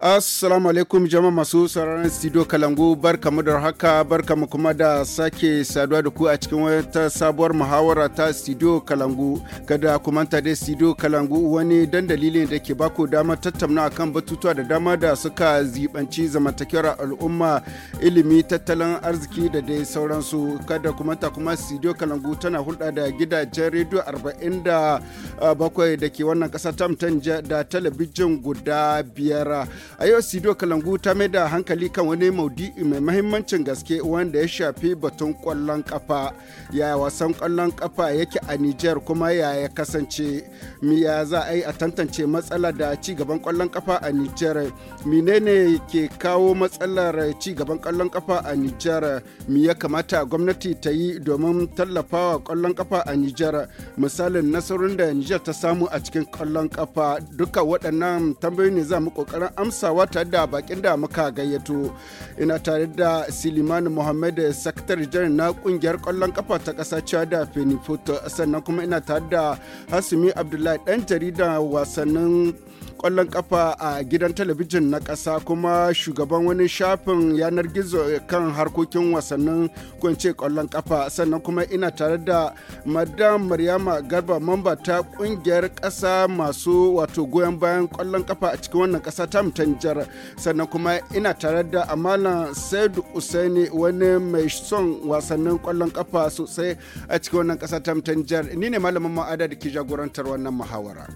Assalamu alaikum jama'a masu sauraron studio Kalangu barkamu da haka barkamu kuma da sake saduwa da ku a cikin wata sabuwar muhawara ta studio Kalangu kada ku manta da studio Kalangu wani dandali ne da ke baku dama tattauna akan batutuwa da dama da suka zibanci zamantakewar al'umma ilimi tattalin arziki da dai sauransu kada ku manta kuma studio Kalangu tana hulɗa da gidajen rediyo 47 da ke wannan ƙasa ta da talabijin guda biyar a yau sido kalangu ta mai da hankali kan wani maudu'i mai mahimmancin gaske wanda ya shafi batun kwallon kafa ya wasan kwallon kafa yake a niger kuma yaya kasance miya za a yi a tantance matsala da ci gaban kwallon kafa a niger menene ke kawo matsalar ci gaban kwallon kafa a niger me ya kamata gwamnati ta yi domin tallafawa kwallon kafa a niger misalin nasarorin da niger ta samu a cikin kwallon kafa duka waɗannan tambayoyi ne za mu ƙoƙarin amsa tattaunawa tare da bakin da muka gayyato ina tare da Siliman Muhammad Sakatare Janar na kungiyar kwallon kafa ta kasa cewa da Fenifoot sannan kuma ina tare da Hasumi Abdullahi dan jarida wasannin kwallon kafa a gidan talabijin na ƙasa kuma shugaban wani shafin yanar gizo kan harkokin wasannin kunce kwallon kafa sannan kuma ina tare da madam maryama garba mamba ta kungiyar ƙasa masu wato goyon bayan kwallon kafa a cikin wannan ƙasa ta mutanjar sannan kuma ina tare da amalan saidu usaini wani mai son wasannin kwallon kafa sosai a cikin wannan ƙasa ta mutanjar ni ne malamin ma'ada da ke jagorantar wannan muhawara.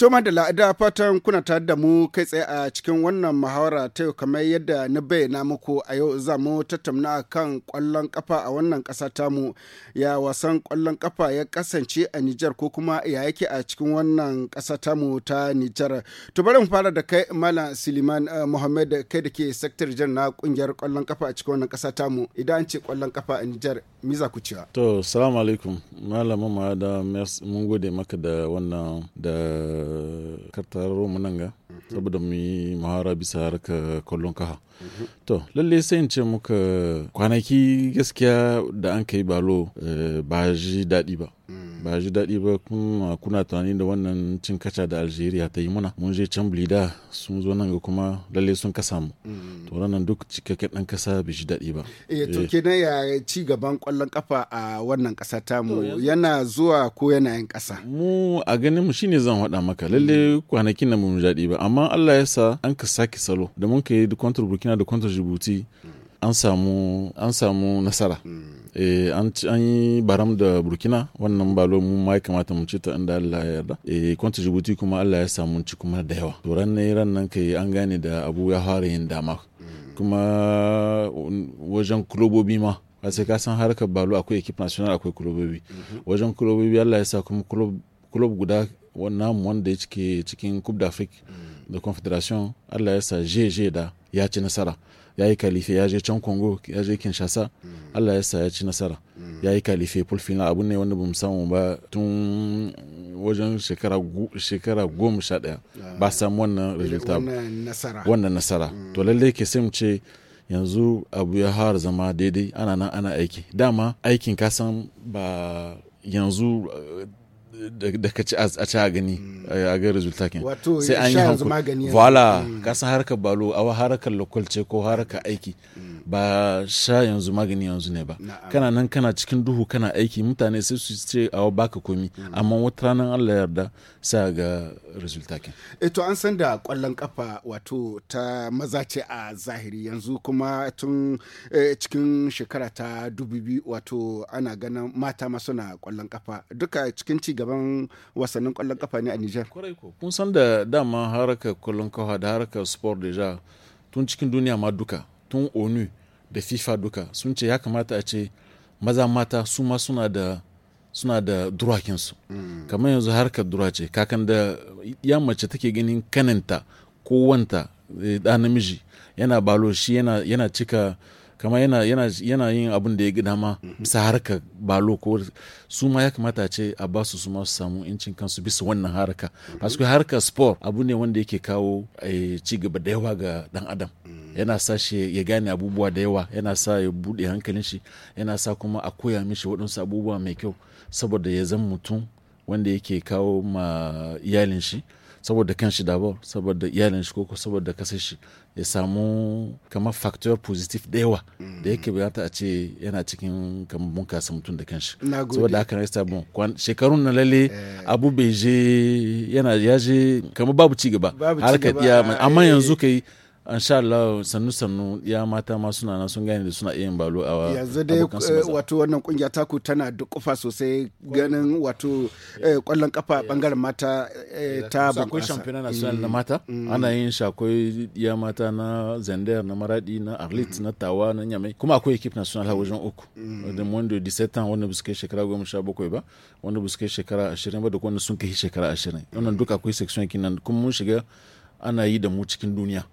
Toma da la'ada fatan kuna tare da mu kai tsaye a cikin wannan muhawara ta yau kamar yadda na bayyana muku a yau za mu tattauna kan kwallon kafa a wannan ƙasa tamu ya wasan kwallon kafa ya kasance a Nijar ko kuma ya yake a cikin wannan ƙasa tamu ta Nijar. To bari mu fara da kai Malam Suleiman uh, eh, Muhammad kai da ke sektar jan na kungiyar kwallon kafa a cikin wannan ƙasa tamu idan an ce kwallon kafa a Nijar mi za ku cewa? To salamu alaikum Malam Mamada mun gode maka da wannan da kartararo munanga saboda mu yi muhara bisa harka kwallon kaha to lalle sai in ce muka kwanaki gaskiya da an kai balo eh, ba ji daɗi ba ba ji daɗi ba kuma kuna tunani da wannan cin kaca da algeria ta yi mana mun je can sun zo nan ga kuma lalle sun kasa mu to nan duk cikakken ɗan kasa bai ji daɗi ba eh to eh. na ya ci gaban kwallon kafa a wannan ƙasa ta mu yana zuwa ko yana yin kasa. mu a ganin mu shine zan faɗa maka lalle kwanakin nan mun daɗi ba amma Allah ya sa an ka sake salo da mun ka yi da kwantar Burkina da kwantar jibuti an samu an samu nasara eh, an yi baram da Burkina wannan balo mu ma ya kamata mu ci ta inda Allah ya yarda eh kwantar jibuti kuma Allah ya samu ci kuma da yawa to ran ne ran nan kai an gane da abu ya fara yin dama kuma wajen kulobobi ma sai ka san harkar balo akwai ekip national akwai kulobobi wajen kulobobi Allah ya sa kuma kulob guda wannan wanda ya cike cikin cup d'afrique da confederation allah ya sa gg da ya ci nasara ya yi kalife ya je can congo ya je kinshasa hmm. allah ya sa ya ci nasara hmm. ya yi kalife fulfina abu ne wanda bamu samu ba tun wajen shekara goma sha daya ah. ba samu wannan resulta wannan nasara hmm. to lallai ke sai mu ce yanzu abu ya har zama daidai ana nan ana aiki dama aikin kasan ba yanzu da ka ci a ci a gani mm. a ga resulta sai an yi hankali wala mm. ka san harkar balo a harkar lokal ce ko harkar mm. aiki ba sha yanzu magani yanzu ne ba kana nan kana cikin duhu kana aiki mutane sai su ce a baka komi amma wata ranar Allah yarda sai ga resultakin e to an san da kwallon kafa wato ta maza ce a zahiri yanzu kuma tun eh, cikin shekara ta dubu wato ana ganin mata ma suna kwallon kafa duka cikin ci gaban wasannin kwallon kafa ne a Nijar kun san da dama harkar kwallon kafa da harkar sport deja tun cikin duniya ma duka tun onu da fifa duka sun ce ya kamata a ce maza mata su ma suna da suna da durakinsu kamar yanzu harkar durace kakan da ya mace take ganin kananta ko wanta da eh, namiji yana balo shi yana, cika kama yana, yin abin da ya gida ma bisa harka balo ko su ma ya kamata ce a ba su su ma su samu incin kansu bisa wannan harka paske harka sport abu ne wanda yake kawo eh, ci gaba da yawa ga dan adam yana sa shi ya gane abubuwa da yawa yana sa ya buɗe hankalin shi yana sa kuma a koya mishi waɗansu abubuwa mai kyau saboda ya zan mutum wanda yake kawo ma iyalin shi saboda shi dabo saboda iyalin shi koko saboda kasar shi ya samu kamar factor positive da yawa da yake bayata a ce yana cikin kamar kasa mutum da shi saboda haka na yasta bon shekarun na lalle eh. abu bai je yana ya je kamar babu ci gaba harkar iya amma eh. yanzu kai insha Allah sannu sannu ya mata ma suna nan sun gane da suna iya balo a yanzu dai eh, wato wannan kungiya ta ku tana da kufa sosai ganin wato eh, kwallon kafa bangaren mata eh, ta bunƙasa akwai championnat national na mata mm. ana yin shi ya mata na zender na Maradi na Arlit na Tawa na Nyamai kuma akwai equipe national wajen uku mm. da di setan wanda ba su kai shekara bakwai ba wanda ba su kai shekara ashirin ba da wanda sun kai shekara ashirin wannan duka akwai section kinan kuma mun shiga ana yi da mu cikin duniya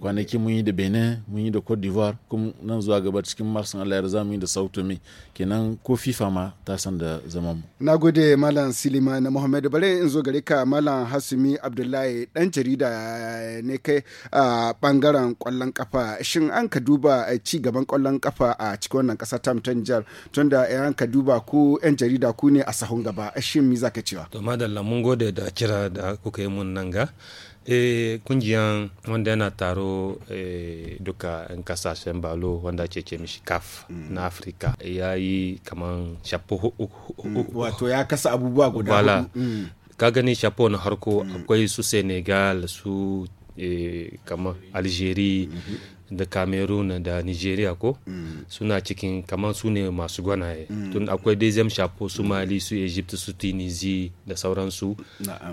kwanaki mun yi da benin mun yi da cote d'ivoire kuma nan zuwa gaba cikin marsan allah ya mu yi da sao tome kenan ko fifa ma ta san da zaman mu na gode malam silima na muhammadu bare in zo gare ka malam hasumi abdullahi dan jarida ne kai a bangaren kwallon kafa shin an ka duba eh, ci gaban kwallon kafa a cikin wannan kasa ta mutan jihar tunda an ka duba ku yan jarida ku ne a sahun gaba shin mi zaka cewa to madalla mun gode da kira da kuka yi mun nan ga eh kungiyan wanda yana taro eh, duka 'yan kasashen balo wanda ke ce mishi na mm. afirka ya yi kaman shapo mm, wato ya kasa abubuwa guda mm. ka gani shapo na harko akwai su senegal su eh, kaman algeria mm-hmm. da cameroon da nigeria ko mm. suna cikin kamar su ne masu gwanaye mm. tun akwai dezem shapo su mali su egypt su tunisia da sauransu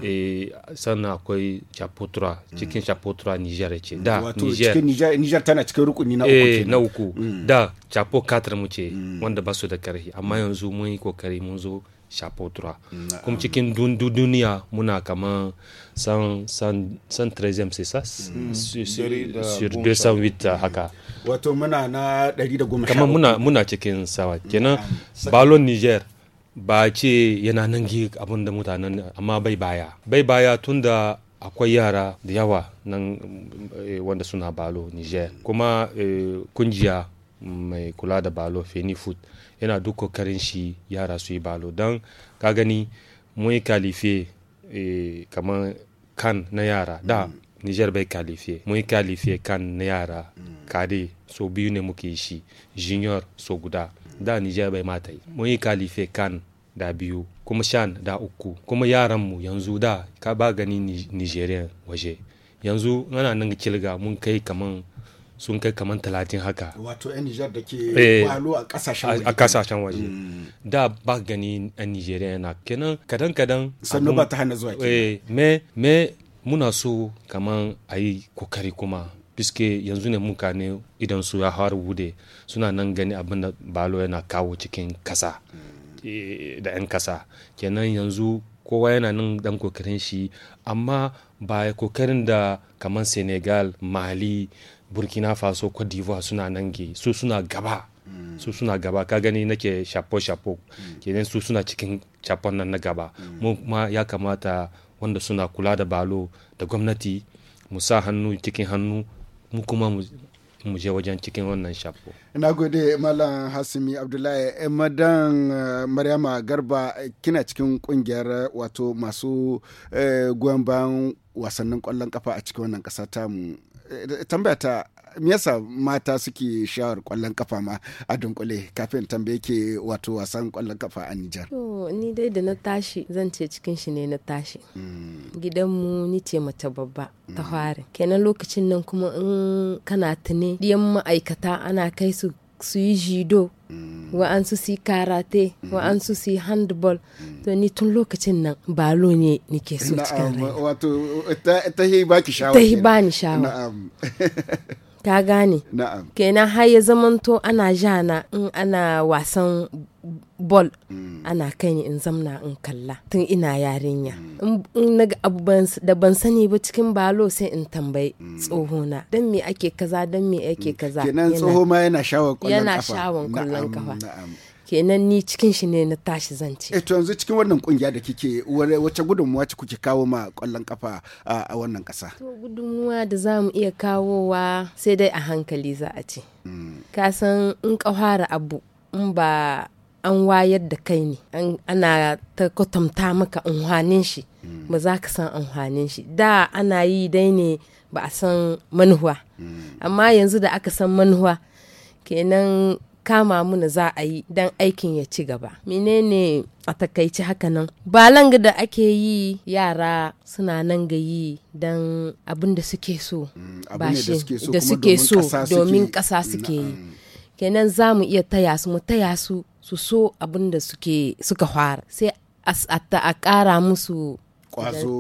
e, sannan akwai chapotra cikin chapotra niger ce da niger niger tana cikin rukuni na uku eh, na uku mm. da chapo 4 mu ce mm. wanda ba su da karhi amma yanzu mun yi kokari mun zo chapeau 3 kuma cikin duniya muna kaman 113 c'est ça hmm. sur 208 haka wato muna na 110 kama muna muna cikin sawa hmm. kenan balo niger ba ce yana nan gi abin da mutanen amma bai baya bai baya tunda akwai yara da yawa nan eh, wanda suna balo niger kuma eh, kungiya mai kula da balo feni food yana duk kokarin shi yara su yi balo don ka gani mun yi kalife eh, kamar kan na yara da mm. niger bai kalife mun yi kalife kan na yara mm. kade so biyu ne muke shi junior so guda mm. da niger bai mata yi mun yi kalife kan da biyu kuma shan da uku kuma yaranmu yanzu da ka ba gani nigerian waje yanzu ana nan kilga mun kai kaman sun kai kaman talatin haka wato 'yan nijar da ke eh, walo a kasashen waje mm. da ba gani 'yan nijeriya yana kenan kadan kadan sannu ba ta hana zuwa ke eh, me me muna so kamar a yi kokari kuma fiske yanzu ne muka ne idan su ya har wude suna nan gani abin da balo yana kawo cikin kasa mm. eh, da 'yan kasa kenan yanzu kowa yana nan dan kokarin shi amma ba kokarin da kaman senegal mali burkina faso cote d'ivoire suna nan ge su suna gaba mm. su suna gaba ka gani nake shapo shapo mm. kenan su suna cikin shapon nan na gaba mm. mu kuma ya kamata wanda suna kula da balo da gwamnati mu sa hannu cikin hannu mu kuma mu je wajen cikin wannan shapo. Na gode Malam Hasimi Abdullahi eh, Madan eh, Maryama Garba eh, kina cikin kungiyar wato masu goyon bayan wasannin kwallon kafa a cikin wannan kasa tamu tambaya ta me yasa mata suke shawar kwallon kafa ma a dunkule kafin tambaye ke wato wasan kwallon kafa a Nijar. To ni dai da na tashi zan ce cikin shi ne na tashi. Mm. Gidanmu ni ce mace babba ta mm. fara. Kenan lokacin nan kuma in kana tune diyan ma'aikata ana kai su su yi jido mm. wa'ansu su yi karate mm. wa'ansu su yi handball mm. to ni tun lokacin nan balo ne nike so cikin rai wato ta yi ba ki shawara ta yi ba ni shawara ka gane kenan har ya zamanto ana jana in ana wasan bol mm. ana kai ni in zamna in kalla tun ina yarinya in na abu da ban sani ba cikin balo sai in tambayi mm. tsohona na. don me ake kaza don me ake mm. kaza kenan tsoho ma yana shawon kwallon kafa yana shawon kwallon kafa kenan ni cikin shi ne na tashi zance eh to yanzu cikin wannan kungiya da kike wace gudunmuwa ce kuke kawo ma kwallon kafa a wannan kasa to gudunmuwa da za mu iya kawowa sai dai a hankali za a ce mm. ka san in kawara abu in ba an wayar da kai ne ana ta kwatanta maka amfanin shi mm. ba za ka san amfanin shi da ana yi dai ne ba a san manuwa mm. amma yanzu da aka san manuwa kenan kama muna za a yi don aikin ya ci gaba menene a takaici hakanan balang da ake yi yara suna nan ga yi don abin da suke so mm, ba da suke so domin ƙasa suke yi kenan za mu iya taya su mu taya su su so abin da suka fara sai a ƙara musu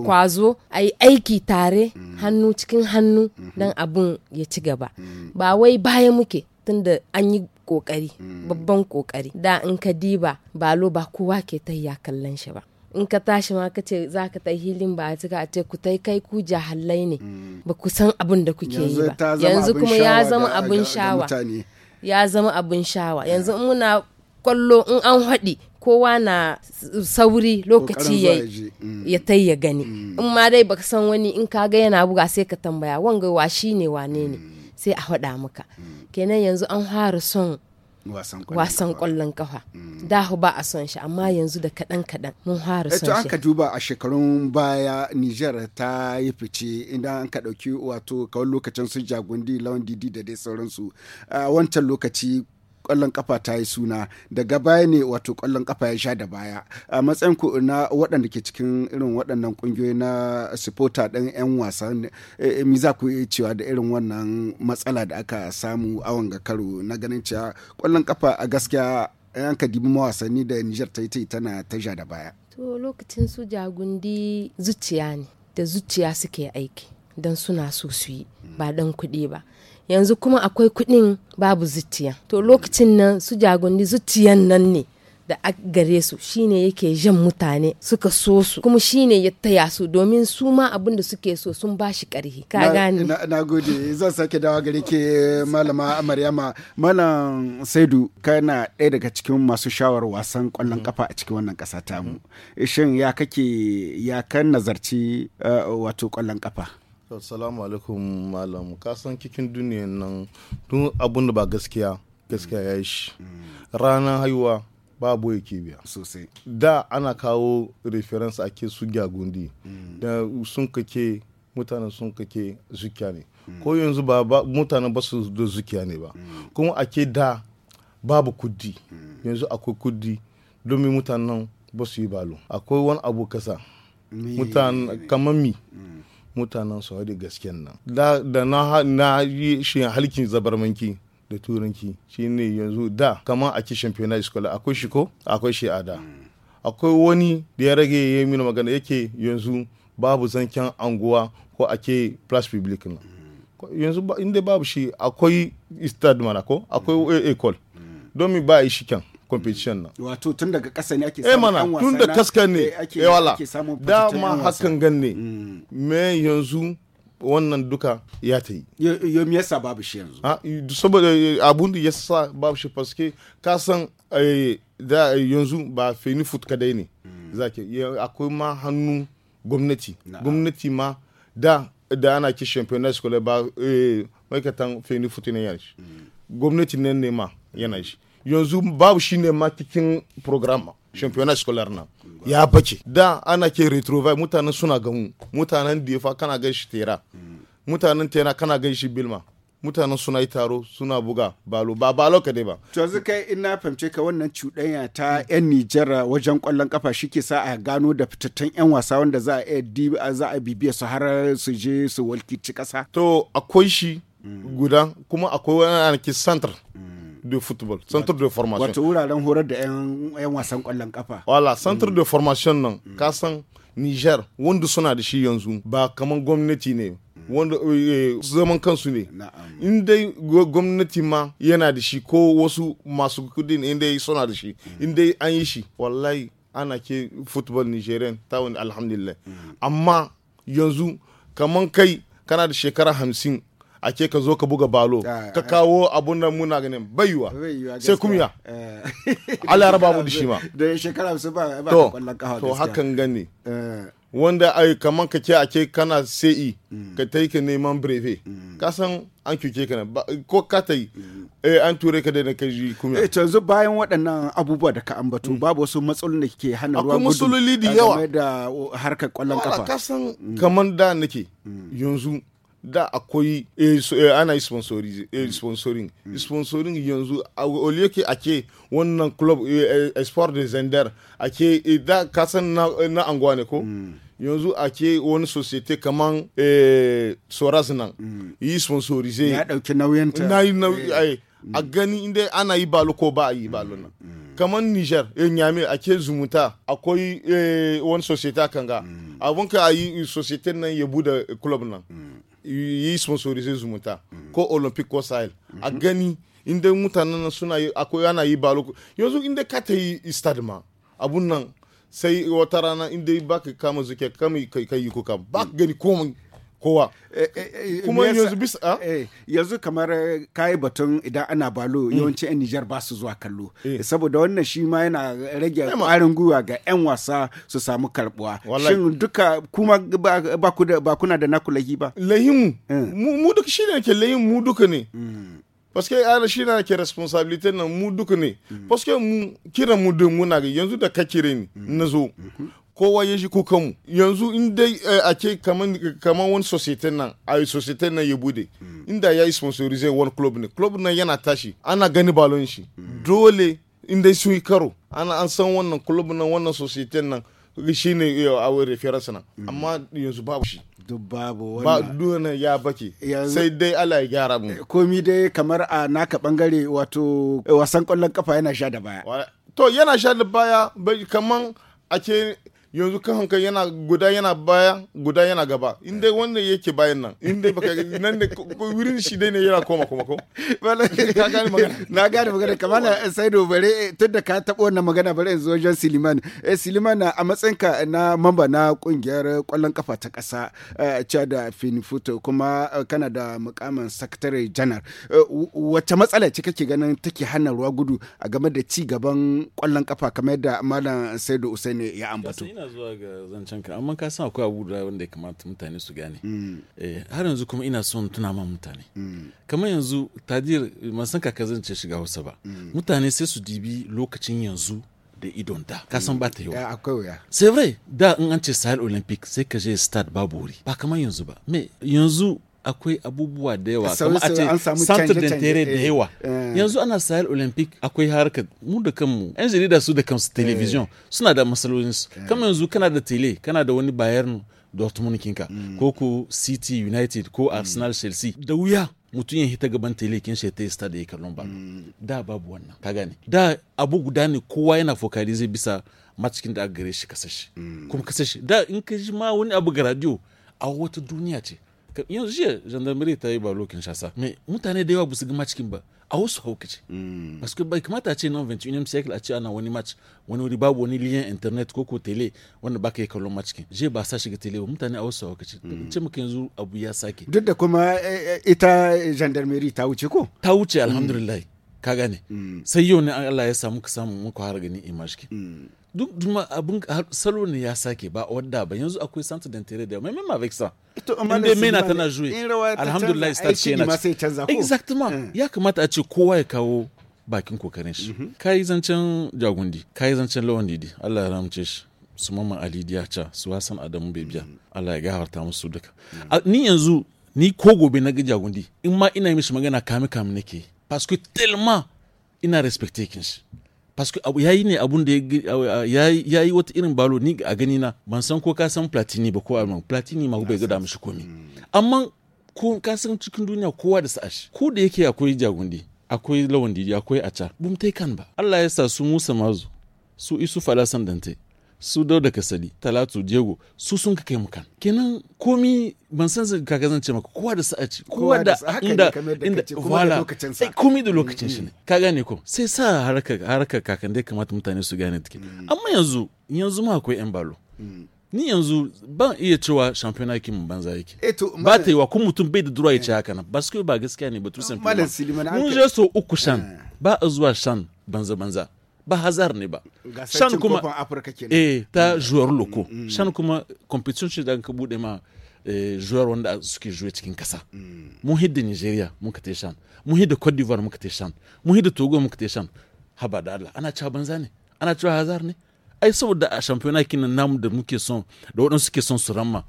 kwazo, a yi aiki tare mm. hannu cikin hannu dan mm-hmm. don abun ya ci gaba mm. ba wai baya muke tunda an yi kokari mm. babban kokari da in ka diba balo ba kowa ke tayya kallon shi ba in ka tashi ma ka ce za ka ta hilin ba a ce ku ta kai ku jahallai ne mm. ba ku san abin da kuke yi ba yanzu kuma ya zama abin shawa ya zama abin shawa yanzu muna kwallo in an haɗi kowa na sauri lokaci ya mm. ya tai ya gani in ma dai baka san wani in ka ga yana buga sai ka tambaya wanga wa shine wane ne sai a haɗa maka kenan yanzu an fara son wasan kwallon kafa mm. da ba a son shi amma yanzu da kaɗan kaɗan mun fara eh, son shi an duba a shekarun baya Niger ta yi fice idan an ka ɗauki wato kawai lokacin sun jagundi lawan didi da dai sauransu a wancan lokaci kwallon kafa ta yi suna daga baya ne wato kwallon kafa ya sha da baya a matsayin ku na waɗanda ke cikin irin waɗannan kungiyoyi na supporter ɗin 'yan wasa eh, mi za ku iya cewa da irin wannan matsala da aka samu awon ga karo na ganin cewa kwallon kafa a gaskiya yan ka dibi mawasanni da Nijar ta yi tana ta ja da baya. To lokacin su jagundi zuciya ne da zuciya suke aiki don suna so su yi ba dan kuɗi ba. yanzu kuma akwai kuɗin babu zuciya to lokacin nan su jagundi zuciyan nan ne da a gare su shine yake jan mutane suka so su kuma shine ya taya su domin su ma abin da suke so sun ba shi karhi ka gane na, na gode zan sake dawa gare ke malama maryama malam saidu kana ɗaya daga cikin masu shawar wasan kwallon kafa a cikin wannan ƙasa tamu shin ya kake ya kan nazarci eh, wato kwallon kafa assalamu alaikum malam kasan cikin duniya nan tun abun da ba gaskiya gaskiya ya yi shi ranar haihuwa babu yake biya sosai da ana kawo reference ake su gyagundi da sun kake mutanen sun kake zukiya ne ko yanzu ba mutanen ba su da zukiya ne ba kuma ake da babu kudi yanzu akwai kudi domin mutanen ba su yi balo akwai wani abu kasa mutane kamar mi mutanen da gasken nan da na yi shi halkin zabarmanki da turanki ne yanzu da kama a kishin fena scholar akwai shi ko akwai shi a da akwai wani da ya rage ya yi magana yake yanzu babu zanken anguwa ko ake plus public nan yanzu inda babu shi akwai istad mana ko akwai mm. don domin ba yi shi kyan competition nan wato tun daga kasa ne ake eh, samun mana tun da kaska ne eh, eh wala dama hakan gan ne mm. me yanzu wannan duka ya ta yi yomi yasa babu shi yanzu ah, saboda eh, abun da yasa babu shi paske ka san da yanzu ba feni foot kadai ne mm. zake akwai ma hannu gwamnati gwamnati ma da da ana ki championnat scolaire ba eh maikatan feni foot ne yana shi mm. gwamnati ne ne ma yana shi yanzu babu shi ne ma cikin program championnat scolaire na ya bace da ana ke retrovai mutanen suna gamu mutanen defa kana gan shi tera mutanen tera kana gan shi bilma mutanen suna yi taro suna buga balo ba balo ka dai ba. To yanzu kai in na fahimce ka wannan cuɗanya ta 'yan Nijar wajen ƙwallon kafa shi ke sa a gano da fitattun 'yan wasa wanda za a za a bibiya su har su je su walkici ƙasa. To akwai shi guda kuma akwai wani ke santar de football centre de formation wato wuraren horar da yan wasan kwallon kafa wala centre mm. de formation nan mm. ka san niger wanda suna da shi yanzu ba kaman gwamnati ne mm. wanda eh, eh, zaman kansu ne in dai gwamnati ma yana da shi ko wasu masu kudi ne inda suna da shi in an yi shi wallahi ana ke football nigerian ta wani alhamdulillah amma yanzu kaman kai kana da shekara hamsin a ce ka zo ka buga balo ah, ka ah. kawo abun nan muna ganin baiwa sai kumya eh. ala ya raba mu da shi ma da shekara su ba ba kwallon to hakan gani eh. wanda ai kaman ka ke a ke kana sai e, mm. ka tai ka neman breve mm. ka san an cuce ka ko ka tai mm. eh an ture ka da ka ji kumya eh yanzu bayan waɗannan abubuwa da ka ambato babu wasu matsalolin da ke hana ruwa gudu akwai matsaloli da yawa game da harkar kwallon kafa ka san kaman da nake yanzu da akwai eh, eh, ana sponsoring eh, mm. sponsoring yanzu oliyo ke ake wannan club sport de zender ake da kasan na anguwa ne ko mm. yanzu ake wani societe kaman soras nan mm. yi sponsorize ya dauki nauyinta na yi nauyi a gani inda ana yi balo ko ba a yi balo nan kaman niger nyame ake zumunta akwai wani societe kanga abun ka a yi societe nan ya bude club nan yi sponsorize zumunta ko olympic ko sahel a gani inda mutanen suna yi akwai ana yi balo yanzu inda ka ta yi stade ma abun nan sai wata rana inda ba ka kama zuke kama kai yi kuka ba gani komai kowa eh, eh, eh, kuma yanzu bisa ah? yanzu kamar kayi batun idan ana balo mm. yawanci 'yan nijar ba su zuwa kallo saboda wannan shi ma yana rage ƙwarin gwiwa ga 'yan wasa su samu karbuwa shin duka kuma ba kuna da naku lahi ba lahimu mu duka shi ne ke lahimu mu duka ne mm. parce que shi na ke responsabilité na mu duka ne mm. parce que mu kira mu din muna ga yanzu da ka kire ni na zo mm-hmm. kowa ya ji kukanmu yanzu in dai eh, ake kaman wani society nan a society nan ya bude mm. inda ya yi sponsorize wani club ne club nan yana tashi ana gani balon shi mm. dole in dai sun yi karo ana an san wannan club nan wannan society nan shi ne a eh, wani reference nan mm. amma yanzu babu shi duk babu ba duna ya bake sai dai Allah ya gyara mu eh, komi dai kamar a naka bangare wato wasan kwallon kafa yana sha da baya to yana sha da baya kaman ake yanzu kan hanka yana guda yana baya guda yana gaba in dai wanda yake bayan nan in baka nan ne wurin shi dai ne yana koma koma ko ka gane magana na gane magana kamar sai do bare eh, tun da ka tabo wannan magana bare yanzu wajen Siliman eh Siliman a ka na mamba na kungiyar kwallon kafa ta kasa eh, cha da Finifuto kuma eh, kana da mukamin sakatare janar wacce matsala ce kake ganin take hana ruwa gudu a game da ci gaban kwallon kafa kamar yadda malam Saidu Usaini ya ambato ina zuwa ga zancen ka amma ka san akwai abu da wanda ya kamata mutane su gane mm. eh, har yanzu kuma ina son tuna ma mutane mm. kamar yanzu tadir masan kaka zance shiga hausa ba mm. mutane sai su dibi lokacin yanzu da idon da ka san ba ta akwai wuya c'est da in an ce sahel olympic sai ka je start babu wuri ba kamar yanzu ba me yanzu akwai abubuwa da yawa kamar a ce santar da tere eh, da yawa eh. yanzu ana sahel olympic akwai harkar mu da kanmu yan jarida su da kansu television eh. suna da su kamar yanzu kana da tele kana da wani bayern dortmund kinka mm. ko ko city united ko mm. arsenal chelsea da wuya mutum ya hita gaban tele kin shi ta da ya kallon ba mm. da babu wannan ka gane da abu guda ne kowa yana zai bisa macikin da aka gare shi kasashe kuma kasashe da in ka ji ma wani abu ga radio a wata duniya ce yanzu jiya gendarmerie ta yi balo kinshasa mai mutane da yawa ba su gama cikin ba a wasu kace. Mm. parce que bai kamata a ce nan 21 cycle a ce ana wani match wani wuri babu wani liyan internet ko ko tele wanda baka yi kallon match kin je ba sa shiga tele ba mutane a wasu haukace mm. ce muka yanzu abu ya sake duk da kuma eh, eh, ita gendarmerie ta wuce ko ta wuce alhamdulillah mm. ka gane sai yau ne Allah ya samu ka samu muku har gani image kin duk duma abin salo ne ya sake ba wadda ba yanzu akwai santa tere da mai mema vexa inda mena tana juye alhamdulillah star ce na exactement eh. ya kamata a ce kowa ya kawo bakin kokarin shi mhm. ka yi zancen jagundi ka yi zancen lawan didi Allah ya ramce shi su mama ali ca su wasan adamu bebiya mm. Allah ya gafarta musu duka ni yanzu ni ko gobe na ga jagundi in ma ina yi mishi magana kame kame nake parce que tellement ina respecte kin shi Paske ya yi ne abun da ya yi wata irin balo ni a gani na ban san ko ka san platini ba ko alman platini ma bai ah, gada mishi komi. Amma ko ka san cikin duniya kowa da sa'ashi ko da yake akwai jagundi akwai lawan didi akwai aca bum kan ba. Allah ya sa su Musa Mazu su Isu Falasan Dante. su da kasali talatu jego su sun ka kai mu kan kenan komi ban san zan kaga zan ce maka kowa da sa'a ce kowa da inda inda wala sai eh, komi da lokacin shi ne mm. ka gane ko sai sa haraka haraka kakan dai kamata mutane su gane take mm. amma yanzu yanzu ma akwai yan balo mm. ni yanzu ban iya cewa champion yake mun banza yake eh, ba ta yi wa kun mutum bai da dura ya ce eh. haka nan ba ba gaskiya ne ba tusan mun je so uku shan ba a zuwa shan banza banza ba hazard ne ba shan kuma eh ta mm. joueur loko mm. shan kuma competition ce da ka bude ma eh, joueur wanda suke jouer cikin kasa mm. mun hidda nigeria mun ka shan mun hidda cote d'ivoire mun ka shan mun hidda togo mun ka shan haba da allah ana cewa banza ne ana cewa hazard ne ai saboda a shampiyona kinan namu da muke son da wadansu suke son su ramma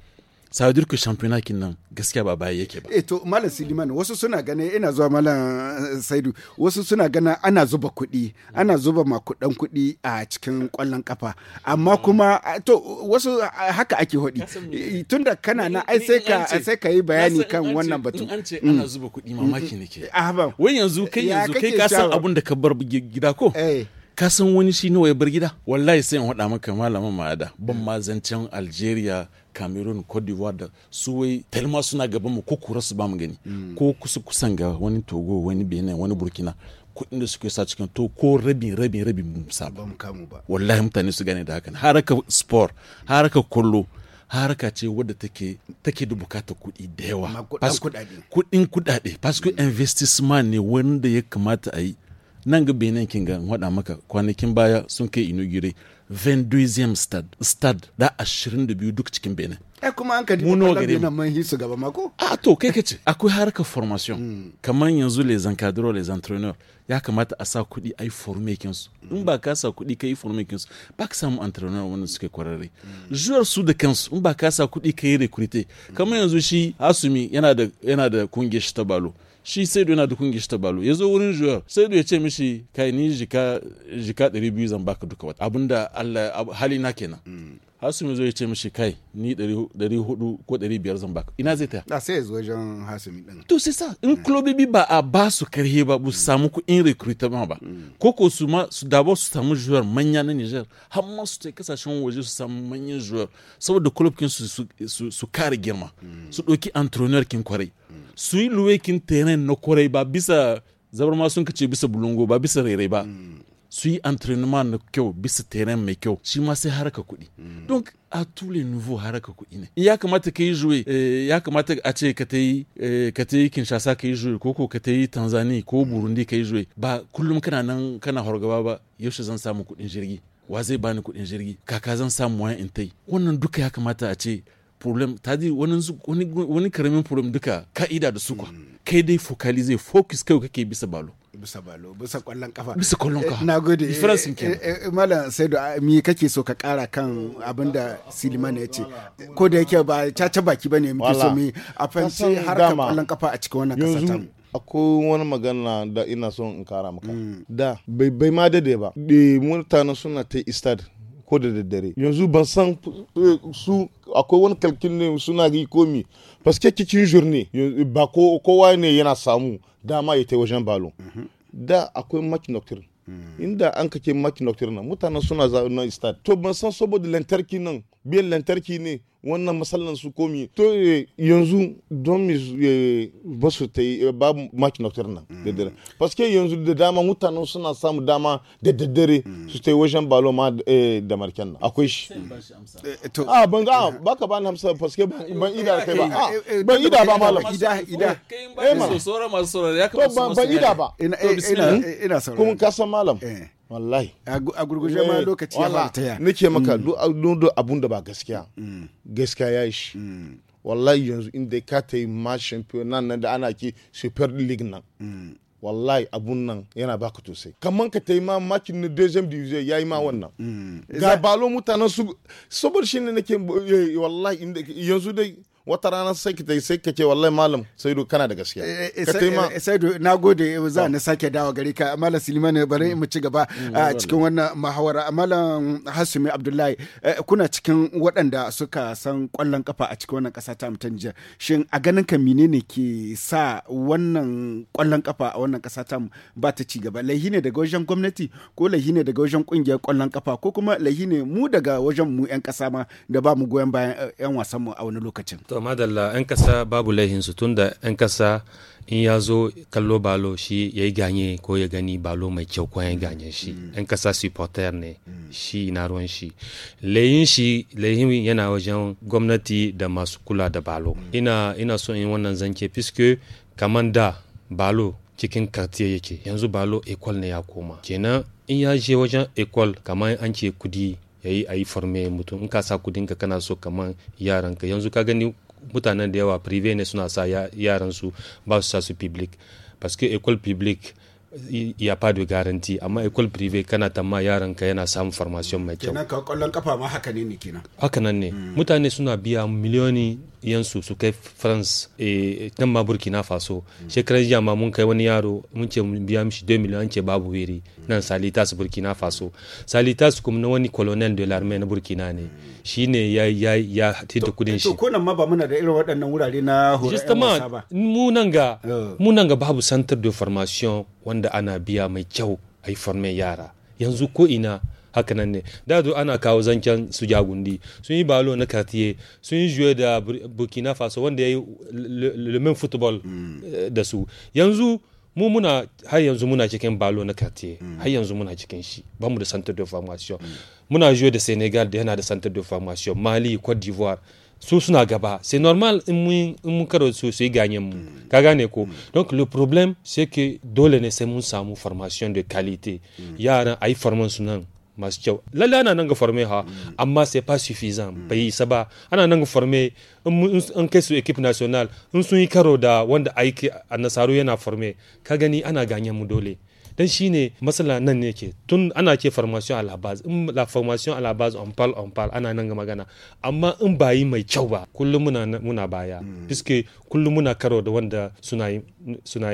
sa shampiyona nan gaskiya ba baya yake ba eh to malam siliman wasu suna ganin ina zuwa malam saidu wasu suna gana ana zuba kuɗi ana zuba makudan kuɗi a cikin ƙwallon kafa amma kuma to wasu haka ake hodi tunda kana na ai sai ka sai ka yi bayani kan wannan batu an ce mm. ana zuba kuɗi mamaki nake mm-hmm. a ah, ba wai yanzu kai yanzu kai ka san abun da ka bar gida ko eh. ka san wani shi nawa ya bar gida wallahi sai in faɗa maka malamin ma'ada ban ma zancen algeria cameroon cote d'ivoire da su wai talma suna gaban mu ko kura su ba mu gani ko kusa kusan ga wani togo wani benin wani burkina kudin da suke sa cikin to ko rabin rabin rabin mu sa ba wallahi mutane su gane da hakan haraka sport haraka kullo haraka ce wadda take take da bukatar kuɗi da yawa kuɗin kuɗaɗe que mm. investissement ne wanda ya kamata a yi nan ga benin kin ga maka kwanakin baya sun kai inugire 22e stade stade da 22 duk cikin benin Eh, kuma an ka di muno gare mu mun hisu gaba mako a ah, to kai kace akwai harkar formation mm. kamar yanzu les encadreurs les entraîneurs ya kamata a sa kuɗi a yi formakin su in ba ka sa kuɗi ka yi formakin su ba ka samu entraîneur wanda suke kwararre zuwar mm. su da kansu in ba ka sa kuɗi ka yi recruiter kamar yanzu shi asumi yana da yana da kungiyar shi ta balo shi sai yana da shi ta balo yazo wurin joueur sai ya ce mishi kai ni jika jika 200 zan baka duka wata abinda Allah hali na kenan mm. zo zai ce mishi kai ni 400 ko 500 zan baka ina zai taya ah, sai ya zo wajen hasumi din to sai sa in bi ba a ba su karhe ba bu samu in recruitment ba ko ko su ma su dabo su samu juwar manya na Niger har ma su tai kasashen waje su samu manyan juwar saboda club kin su su kare girma su doki entrepreneur kin kwarai su yi luwe kin tenen na kwarai ba bisa zabar ma sun kace bisa bulungo ba bisa rere ba su yi entraînement na kyau bisa terrain mai kyau shi ma sai haraka kuɗi mm. don a tule nouveau haraka kuɗi ne ya kamata ka yi jouer eh, ya kamata a ce ka ta yi eh, kinshasa ka yi jouer ko ko ka ta yi tanzania ko burundi ka yi jouer ba kullum kana nan kana horgaba ba yaushe zan samu kuɗin jirgi wa zai bani kuɗin jirgi kaka zan samu wayan in tai wannan duka ya kamata a ce problem ta ji wani wani karamin problem duka ka'ida da suka kai dai focali zai focus kai kake bisa balo bisa balo bisa kwallon kafa bisa kwallon eh, kafa na gode difference eh, ke eh, malam saidu mi kake so ka kara kan abinda siliman ya ce ko da yake ba caca baki bane muke so mi a fanci ka kwallon kafa a cikin wannan kasa ta akwai wani magana da ina son in kara maka mm. da bai ma dade ba da mutane suna ta istad ko da daddare yanzu ban san eh, su akwai wani kalkin ne suna yi komi paske cikin journey ba kowa ne yana samu dama ya ta wajen balo. Mhm. da akwai match nocturne mm. inda an kake match nocturne mutanen suna zaune na istad to ban san saboda lantarki nan biyan lantarki ne wannan masallan su komi to eh, yanzu don mi eh, ba su ta yi eh, ba maki nocturnal da dare mm. paske yanzu da dama mutanen suna samu dama da daddare mm. su ta yi wajen balo ma da marken nan akwai shi a ah, ban ga ah, ba ka bani hamsa paske ban ida kai ba ah, ban ida ba malam ida ida ban ida ba ina kuma malam wallahi a gurguje ma eh, lokaci ya fara ya nake maka mm. duk abun da ba gaskiya mm. gaskiya ya yi shi mm. wallahi yanzu inda ka ta yi ma champion nan da ana ke super league nan wallahi abun nan yana baka tosai kamar ka ta yi ma makin na deuxième division ya yi ma wannan ga balo mutanen su saboda shi ne nake eh, wallahi yanzu dai wata rana sai ka sai ka ce wallahi malam saidu kana da gaskiya eh, eh, ka taima eh, saidu nagode za na ah. sake dawo gare ka malam siliman bari mu ci gaba mm, a ah, cikin wannan mahawara malam hasumi abdullahi kuna cikin waɗanda suka san kwallon kafa a cikin wannan ƙasa ta mutan shin a ganin ka menene ke sa wannan kwallon kafa a wannan ƙasa ta ba ta ci gaba laihi ne daga wajen gwamnati ko laihi ne daga wajen ƙungiyar kwallon kafa ko kuma laihi ne mu daga wajen mu 'yan ƙasa ma da ba mu goyon bayan 'yan mu a wani lokacin to madalla 'yan kasa babu laihinsu tunda 'yan kasa in ya zo kallo balo shi ya yi ganye ko ya gani balo mai kyau ko ya ganye shi yan kasa supporter ne shi na ruwan shi layin shi layin yana wajen gwamnati da masu kula da balo ina ina so in wannan zance fiske kaman da balo cikin kartiye yake yanzu balo ekol ne ya koma kenan in ya je wajen ekol kamar an ce kudi yayi yi forme mutum in ka sa kudin ka kana so kaman yaran ka yanzu ka gani mutanen da yawa prive ne suna sa yaran su ba su sa su public parce que école publique ya pas de garantie amma école privé kana ma yaran ka yana samun formation mai kyau kenan ka kallon kafa ma haka ne ne kenan haka nan ne mm. mutane suna biya miliyoni yansu su kai france eh, nan ma burkina faso shekaran jiya ma mun kai wani yaro mun ce mun biya mishi 2 miliyan ce babu wiri nan salitas burkina faso salitas kuma na wani colonel de l'armée na burkina ne ne ya ya ya tinda kudin shi ko nan ma ba muna da irin waɗannan wurare na horon ba mu nan ga eh. mu nan ga babu centre de formation wanda ana biya mai kyau ai forme yara yanzu ko ina haka nan ne da zo ana kawo zancen su jagundi sun yi balo na cartier sun yi juye da burkina faso wanda ya yi lumin football eh, da su yanzu mu muna har yanzu muna cikin balo na cartier mm. har yanzu muna cikin shi ba mu da centre de formation muna juye da senegal da yana da centre de formation mali cote d'ivoire su suna gaba c'est normal in mun karo su su yi ganyen mu mm. ka gane ko mm. donc le problème c'est que dole ne sai mun samu formation de qualité yaran a yi nan masu kyau lalle ana nan ga forme ha amma sai pas suffisant bai isa ba ana nan ga forme in kai su equipe national in sun yi karo da wanda aiki a nasaru yana forme ka gani ana ganyen mu dole dan shine masala nan ne ke tun ana ke formation à la base in la formation à la base on parle on parle ana nan ga magana amma in ba yi mai kyau ba kullum muna muna baya mm. puisque kullum muna karo da wanda suna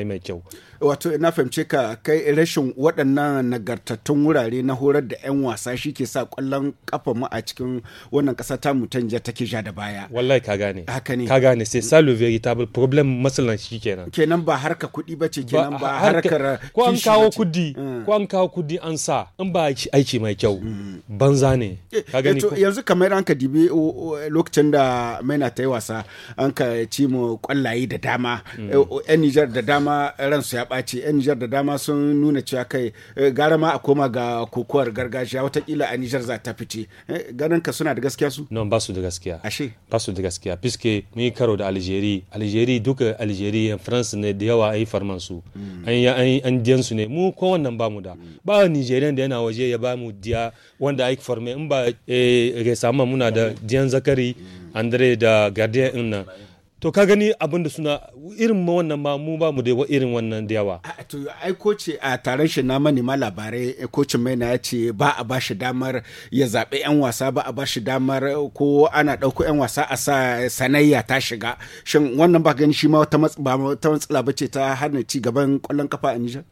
yi mai kyau wato na fahimce ka kai rashin waɗannan nagartattun wurare na horar da 'yan wasa shi ke sa ƙwallon kafa mu a cikin wannan ƙasa ta mutanja take ja da baya wallahi ka gane haka ne ka gane sai salo veritable problem masalan shi kenan kenan ba harka kuɗi ba ce kenan ba harkar ko an kawo kuɗi eh. ko an kawo kuɗi an sa in ba aiki mai kyau hmm. banza ne eh, ka to yanzu kamar an ka dibi lokacin da maina ta yi wasa an ka ci mu ƙwallaye da dama 'yan hmm. eh, Nijar da dama ransu ya ɓaci 'yan nijar da dama sun nuna cewa kai eh, gara ma a koma ga kokowar gargajiya watakila a nijar za ta fice eh, ganin ka suna da gaskiya su non ba su da gaskiya ashe ba su da gaskiya fiske mun yi karo da algeri algeri duka algeri yan france ne da yawa ayi farman su hmm. an diyan su ne mu ko wannan ba mu da hmm. ba nigerian da yana waje ya ba mu diya wanda ayi farme in ba eh, resama muna da hmm. diyan zakari andre da gardien din nan to ka gani abin da suna irin ma wannan ma mu ba mu da irin wannan da yawa to ai koci a taron shi na manema labarai eh, kocin mai na ce ba a bashi damar ya zaɓi yan wasa ba a bashi damar ko ana ɗauko yan wasa a sa sanayya ta shiga shin wannan ba gani shi ma wata matsala ba ce ta hana ci gaban kwallon kafa a Nijar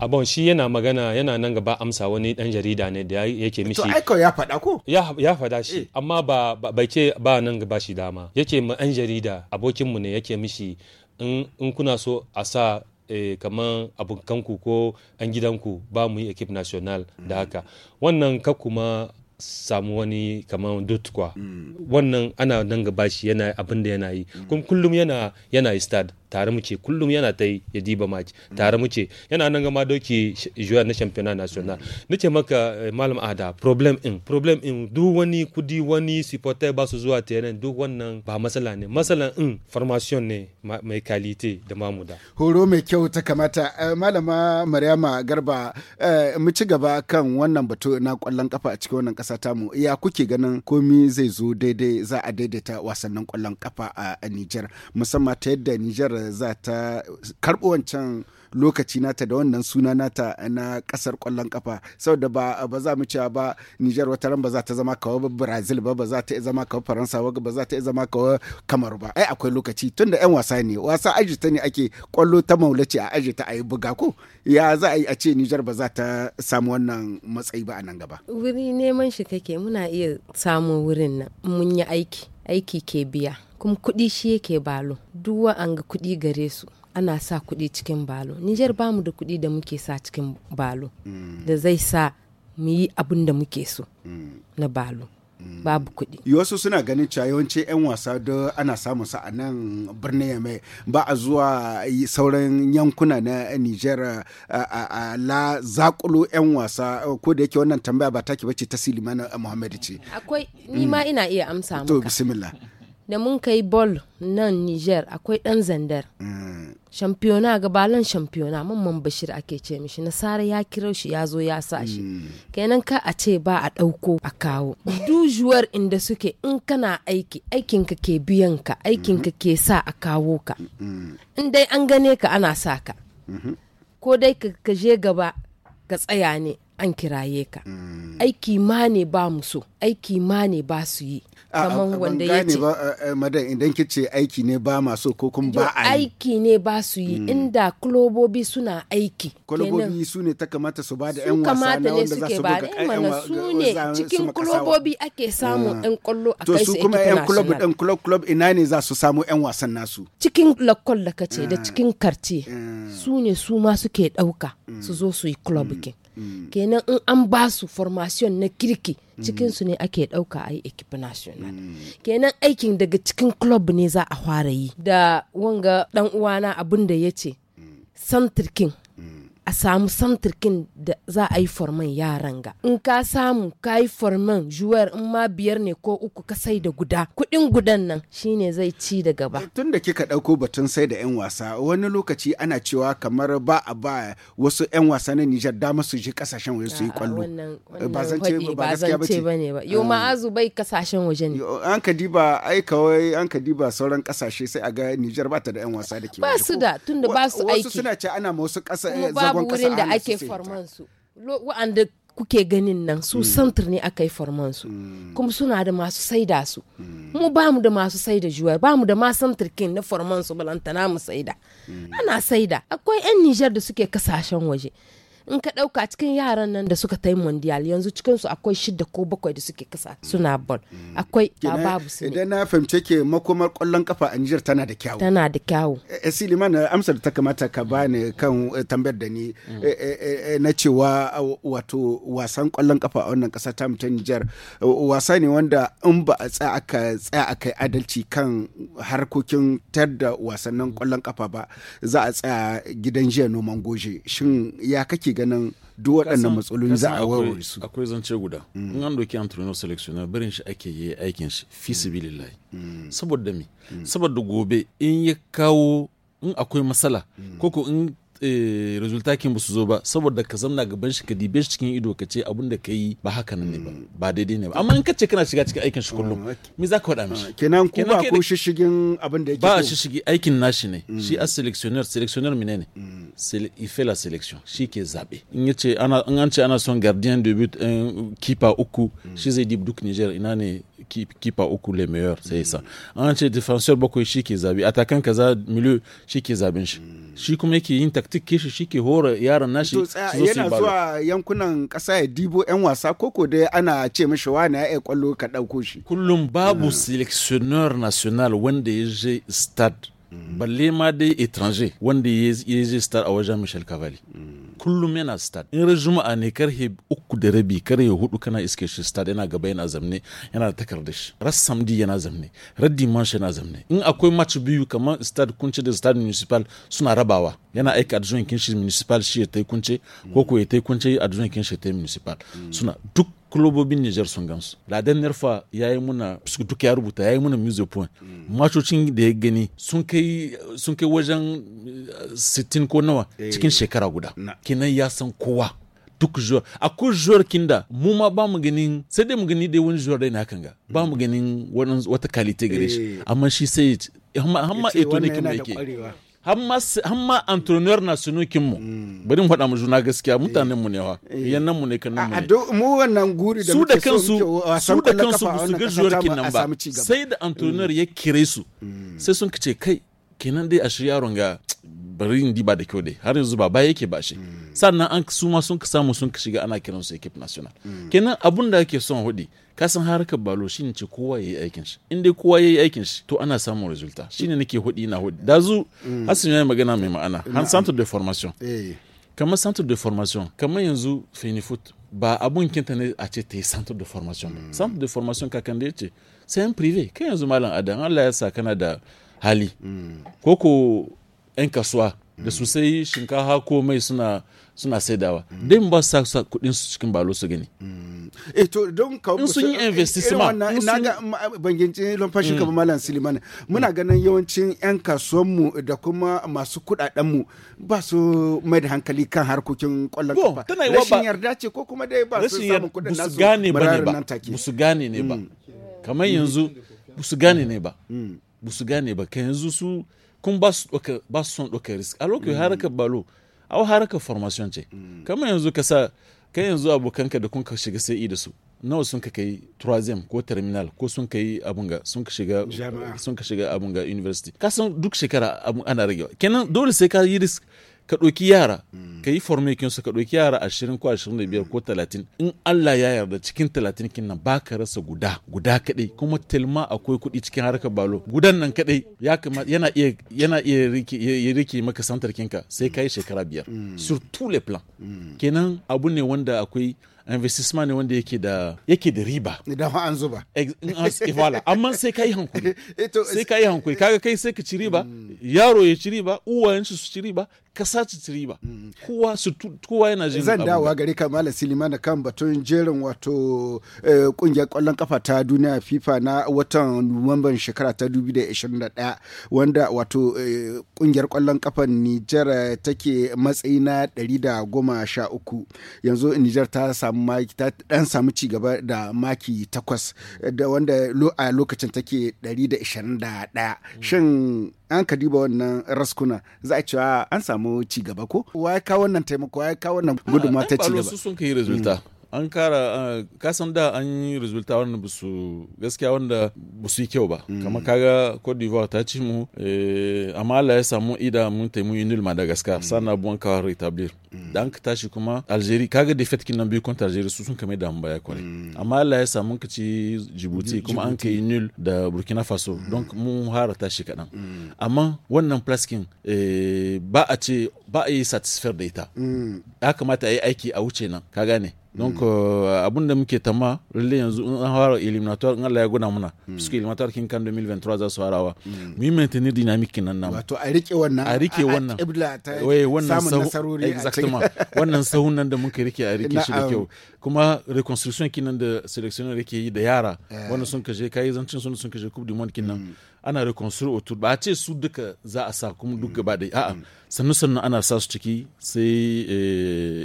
abon shi yana magana yana nan gaba amsa wani dan jarida ne da yake mishi to aiko ya faɗa ko ya ya faɗa shi eh. amma ba bai ce ba nan gaba shi dama yake mu an jarida abokin mu ne yake mishi in kuna so a sa eh, kamar abokanku ko an gidanku ba mu yi ekip national da haka wannan ka kuma samu wani kamar dut kwa mm. wannan ana nan gaba shi yana abin da yana yi mm. kuma kullum yana yana stad tare ce kullum yana ta ya diba match mm. tare ce yana nan gama doki juya na championnat national nace maka eh, malam ada problem in problem in duk wani kudi wani supporter ba su zuwa terrain duk wannan ba matsala ne masala in formation ne mai kalite da mamuda horo mai kyau ta kamata eh, malama maryama garba eh, mu ci gaba kan wannan batu na kwallon kafa a cikin wannan kasa ƙasa tamu ya kuke ganin komi zai zo daidai za a daidaita wasannin ƙwallon kafa a Nijar musamman ta yadda Nijar za ta karɓi wancan lokaci nata da wannan suna nata na kasar kwallon kafa saboda ba ba za mu cewa ba Niger wata ran ba za ta zama kawo Brazil ba ba za ta zama kawo Faransa ba ba za ta zama kawo Kamaru ba ai akwai lokaci tunda yan wasa ne wasa ajita ne ake kwallo ta maulace a ajita a yi buga ko ya za a yi a ce Niger ba za ta samu wannan matsayi ba a nan gaba wuri neman shi kake muna iya samu wurin nan mun yi aiki aiki ke biya kuma kuɗi shi yake balo duk ga kuɗi gare su ana sa kuɗi cikin balo nijar ba mu da kuɗi da muke sa cikin balo da zai sa mu yi abin da muke so na balo babu kuɗi. wasu suna ganin cewa yawanci 'yan wasa da ana samun sa a nan birnin yamai ba a zuwa sauran yankuna na nijar a la zakulu 'yan wasa ko da yake wannan tambaya ba take bace ta silimana muhammadu ce akwai ni ma ina iya amsa muka to bismillah da mun kai bol nan nijar akwai dan zandar mm. shampiyona balon shampiyona mamman bashir ake ce mishi nasara ya kira shi ya zo ya sa shi hmm. kenan ka a ce ba a ɗauko a kawo dujuwar inda suke in kana aiki aikinka ke biyan ka aikinka ke sa a kawo ka hmm. in dai an gane ka ana sa ka mm-hmm. ko dai ka je gaba ka tsaya ne an kiraye ka mm. aiki ma ne ba mu so aiki ma ne ba su yi kamar wanda ya ce madan idan ki ce aiki ne ba masu ko kuma ba a aiki ne ba su yi mm. inda kulobobi suna aiki kulobobi su ne ta kamata su ba da yan wasa na wanda za su buga eh, mana su ne cikin kulobobi ake samu yan mm. kwallo a kai su kuma yan kulob din kulob kulob ina ne za su samu yan wasan nasu cikin lakkol da kace da cikin karce su ne su ma suke dauka su zo su yi kulob kin Mm. kenan in an ba su formation na kirki cikin su ne ake ɗauka a yi equipe national mm. kenan aikin daga cikin club ne za a fara yi da wanga dan uwana abin da ya ce santirkin mm. a samu santirkin da za a yi forman yaran ga in ka samu ka yi forman juwar in ma biyar ne ko uku ka sai da guda kuɗin gudan nan shine zai ci da gaba eh, tun da kika dauko batun sai da yan wasa wani lokaci ana cewa kamar ba a ba wasu yan wasa na Nijar dama su je kasashen waje su yi kwallo eh, ba zan ce ba gaskiya ba ce ba ah. bai kasashen waje ne an ka diba ai kawai an ka diba sauran kasashe sai a ga Nijar ba ta da yan wasa da ke ba su da tunda ba su aiki wasu suna ce ana ma wasu ƙasa eh, wurin da ake forman su wa'anda kuke ganin nan su mm. santir ne aka yi forman su mm. kuma suna da masu saida su mu ba mu da masu saida juwar ba mu da ma santir kin na forman su balantana mu saida mm. ana saida akwai yan nijar da suke kasashen waje in ka ɗauka cikin yaran nan da suka ta yi mundial yanzu cikinsu su akwai shida ko bakwai da suke kasa suna bol akwai babu su idan na fahimce ke makomar kwallon kafa a Nijar tana da kyawu tana da kyawu eh, eh, Siliman eh, amsar ta kamata ka bani kan tambayar da ni mm. na cewa ah, wato wasan kwallon kafa a wannan kasa ta ta Nijar wasa ne wanda in ba a tsaya aka tsaya aka adalci kan harkokin da wasannin kwallon kafa ba za a tsaya gidan jiya noman goje shin ya kake ganin duk waɗannan matsaloli za a warware su akwai zance guda in mm. an doki entrepreneur selectioner barin shi ake yi aikin shi fi mm. sibilillahi mm. saboda me saboda gobe in ya kawo in akwai matsala koko in Eh, resulta kin ba su zo ba saboda ka zamna gaban shi ka dibe shi cikin ido ka ce abin da ka yi ba haka nan ne ba mm. ba daidai ne ba amma in ka ce kana shiga cikin aikin shi kullum mm, me za ka faɗa mishi mm, kenan ku ba ko shishigin abin da yake ba shishigi aikin nashi ne shi a selectioner selectioner mine ne fait la selection shi ke zabe in yace ana an ce ana son gardien de but eh, keeper uku shi zai dib duk Niger ina ne qui, qui pa beaucoup les meilleurs c'est ça an défenseur beaucoup attaquant kaza milieu shi kuma yake yin tactic shi yana zuwa yankunan kasa ya dibo wasa koko ana ce mishi wani ya ka shi kullum babu national je stade hmm. étranger stade a Michel Cavalli hmm. kullum yana stat in ran juma'a ne karhe uku da rabi karhe hudu kana iske shi stad yana gaba yana zamne yana da takardar shi ras samdi yana zamne raddi dimanche yana zamne in akwai match biyu kamar stad kunce da stad municipal suna rabawa yana aika adjoint kinshi municipal shi ya tai kunce ko ko ya tai kunce adjoint kinshi ya tai municipal suna duk klubobin Nijar sun gamsu. Ladan Nerfa ya yi muna duk ya rubuta ya yi muna muse point. Matocin da ya gani sun kai wajen 60 ko nawa cikin shekara guda. kina ya san kowa. duk joueur akwai joueur kinda mu ma ba mu ganin sai dai mu gani dai wani joueur dai na kan ga hmm. ba mu ganin wata kalite gare shi amma shi sai hamma eto eh, ne kin da yake hamma entrepreneur na sunukin mu mm. bari mu faɗa mu juna gaskiya mutanen mu ne wa eh. eh. yannan mu ne kan nan mu ne mu wannan guri da su da kansu su da kansu su ga juwar nan ba sai da entrepreneur mm. ya kire su mm. sai sun kace kai kenan dai a shi yaron ga bari di ba da kyau dai har yanzu ba ba yake ba shi sannan an su ma sun samu sun shiga ana kiran su equipe national kenan abun da ake son hudi ka san harkar balo shine ce kowa yayi aikin shi in dai kowa yayi aikin shi to ana samun resulta shine nake hudi na hudi zu hasan yayi magana mai ma'ana han centre de formation eh. kamar centre de formation kamar yanzu foot ba abun kinta ne a ce ta yi centre de formation centre de formation kakan da yace sai en privé kai yanzu malam adam allah ya sa kana da hali koko mm. 'yan kasuwa da su sai shinkafa ko mai suna suna saidawa din ba sa sa kudin su cikin balo su gani eh to don ka in sun yi investissement na ga banginci lumfashin ka mm. malam Suleiman muna ganin yawancin yan kasuwan mu da kuma masu kudaden mu ba su mai da hankali kan harkokin kwallon kafa rashin yarda ce ko kuma dai ba su samu kudin nasu gane ba ne ba musu gane ne ba mm. kamar yanzu ba gane ne ba mm. ba gane ba kan yanzu su kun ba su son ɗaukar risk a lokacin mm. haraka balo a haraka formation ce mm. kamar yanzu ka sa kai yanzu abokanka da kun ka shiga sai e da su nawa sun ka kai troisième ko terminal ko sun ka yi abun ga sun ka shiga abun ga university ka san duk shekara ana rage kenan dole sai ka yi risk ka ɗauki yara mm. ka yi su ka ɗauki yara ashirin ko ashirin da biyar ko talatin in Allah ya yarda cikin talatin kin nan ba ka rasa guda guda kaɗai kuma telma akwai kuɗi cikin harkar balo gudan nan kaɗai ya kamata yana iya yana rike maka santar kinka sai ka yi shekara biyar mm. surtout le les mm. kenan abu ne wanda akwai investissement ne wanda yake da yake da riba idan an zuba eh, voilà amma sai kai hankuri eh, sai kai hankuri kaga kai sai ka ci riba mm. yaro ya ci riba uwayen su ci riba kasa ci ci riba mm. kowa su kowa yana jin zan dawowa gare ka malam silima da kan batun jerin wato kungiyar eh, kwallon kafa ta duniya fifa na watan nuwamban shekara ta 2021 wanda wato kungiyar kwallon kafan Nijar take matsayi na 113 yanzu Nijar ta samu maki ta dan samu ci gaba da maki takwas da wanda a lokacin take 121 shin an ka diba wannan raskuna za a cewa an samu ci gaba ko wa ya kawo wannan taimako wa ya kawo wannan gudunmawa ta ci gaba kai an kara kasan da an yi resulta wanda ba su gaskiya wanda ba su yi kyau ba mm. kama kaga cote d'ivoire ta ci mu eh, amma Allah ya samu ida mun taimu nil madagascar mm. sannan buwan kawar retablir mm. da ka tashi kuma algeria kaga defeat kin nan biyu kontra algeria su sun kame da baya kwarai amma Allah ya samu ka ci jibuti kuma an ka yi nil da burkina faso don mun hara tashi kaɗan amma wannan plaskin eh, ba a ce ba a yi satisfaire da ita ya kamata a yi aiki a wuce nan ka gane donc euh, abun da muke tama lalle yanzu in an fara eliminator in Allah ya guna muna hmm. puisque eliminator kin kan 2023 za su farawa hmm. mu yi maintainer dynamic nan nan wato a rike wannan a rike wannan wai wannan nasarori exactement wannan sahun nan da muke rike a rike shi da kyau kuma reconstruction nan da selectioner yake yi da yara eh. wannan sun kaje kai zancin sun sun kaje coupe du monde nan hmm. ana reconstruire autour ba a ce su duka za a sa kuma duk gaba da a'a sannu sannu ana sa su ciki sai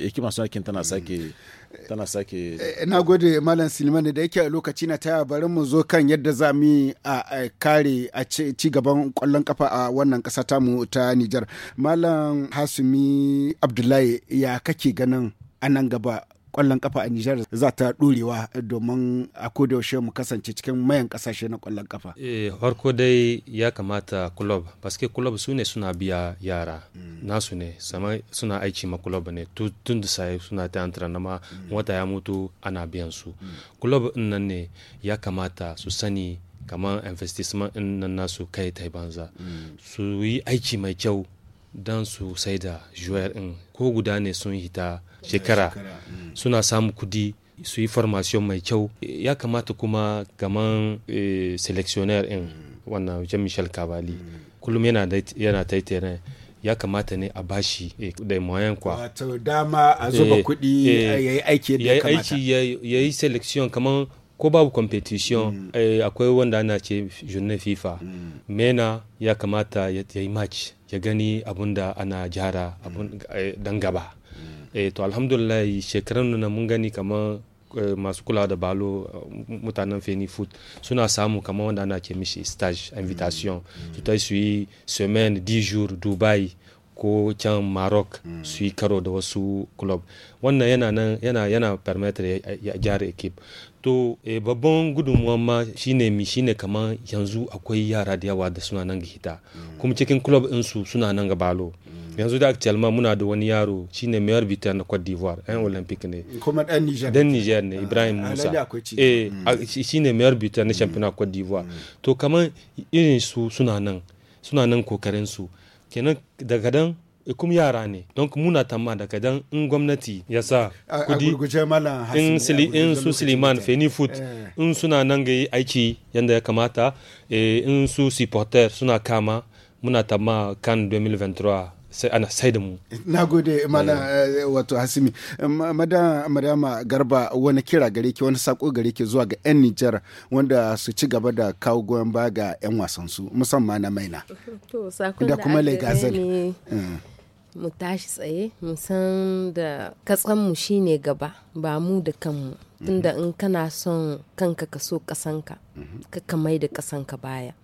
ekip eh, national kin tana sake tana sake eh, na gode malam silmani da yake lokaci na taya bari mu zo kan yadda za mu a kare a ci gaban kwallon kafa a wannan kasa mu ta Nijar malam Hasumi Abdullahi ya kake ganin a nan gaba kwallon kafa a Nijar za ta ɗorewa domin a yaushe mu kasance cikin mayan kasashe na kwallon kafa. Eh, farko dai ya kamata club paske club su ne suna biya yara mm. nasu ne sama suna aiki ma club ne tun da sai suna ta antrenama mm. wata ya mutu ana biyan su. Mm. Club nan ne ya kamata su sani kamar investissement nan nasu kai ta banza su yi aiki mai kyau dan su sai da juwayar in ko guda ne sun hita shekara mm. suna samu kudi su yi formation mai kyau ya kamata kuma gaman eh, selectioner in mm. wannan jean michel kabali mm. kullum yana taitere ya kamata ne a bashi eh, da moyen kwa wato dama a zuba eh, kudi ya yi aiki yadda ya kamata ya yi selection kamar ko babu competition akwai wanda ana ce journée fifa mena ya kamata ya yi match ya gani abun da ana gyara abun eh, dan gaba eh to alhamdulillah shekaran nan mun gani kamar eh, masu kula da balo eh, mutanen feni food suna samu kamar wanda ana ke mishi stage invitation mm. su ta su yi semaine dix jours dubai ko can maroc mm. su yi karo da wasu club wannan yana nan yana yana permettre ya jara ekip to eh, babban gudunmuwan ma shine mi shine kamar yanzu akwai yara da yawa da suna nan hita kuma cikin club din su suna nan ga balo yanzu da actuellement muna da wani yaro shine mayor vita na Cote d'Ivoire ɗan Olympic ne kuma ɗan Niger ɗan Niger ne ah, Ibrahim Musa eh mm. shine mayor vita na mm. championnat Cote d'Ivoire mm. to kamar irin su suna nan suna nan kokarin su kenan daga dan E kuma yara ne don muna tamma daga dan in gwamnati ya sa kudi in in su Suleiman Feni foot eh. in suna nan ga aiki yanda ya kamata e in su supporter suna kama muna tamma kan 2023 sai ana sai da mu. Na gode eh. mana eh, wato Hasimi. Madama Garba wani kira gare ki wani sako gare ki zuwa ga 'yan Nijar wanda su ci gaba da kawo goyon baya ga 'yan wasansu musamman na maina. da kuma Lagazal. mu tashi tsaye mu san da mu shine gaba ba mu da kanmu tunda in kana son kanka ka so kasanka ka kamai da kasanka baya